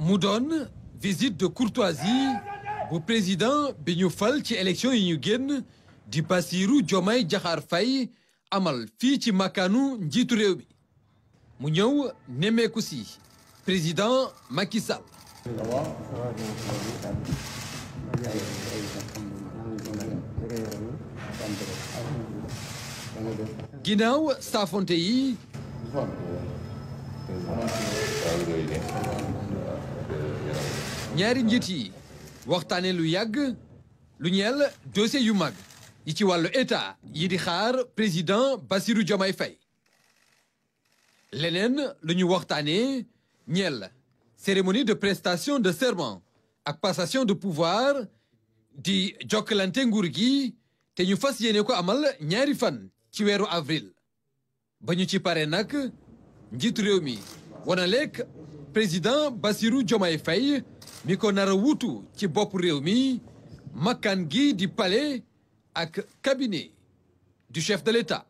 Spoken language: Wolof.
mu doon visite de courtoisie bu président bi ñu fal ci élection yi ñu génn di Bassirou Diomaye Diakhar fay amal fii ci makkaanu njiitu réew mi mu ñëw nemmeeku si président Macky Sall. ginnaaw yi. ñaari njiit yi waxtaane lu yàgg lu ñeel dossier yu mag yi ci wàllu état yi di xaar président Bassirou Diomaye fay leneen lu ñu waxtaane ñeel cérémonie de prestation de serment ak passation de pouvoir di jokkalante nguur gi te ñu fas yéene ko amal ñaari fan ci weeru avril ba ñu ci pare nag njiitu réew mi wonaleek président Bassirou Diomaye Faye mi ko nar a wutu ci bopp réew mi makkaan gi di palais ak cabinet du chef de l'État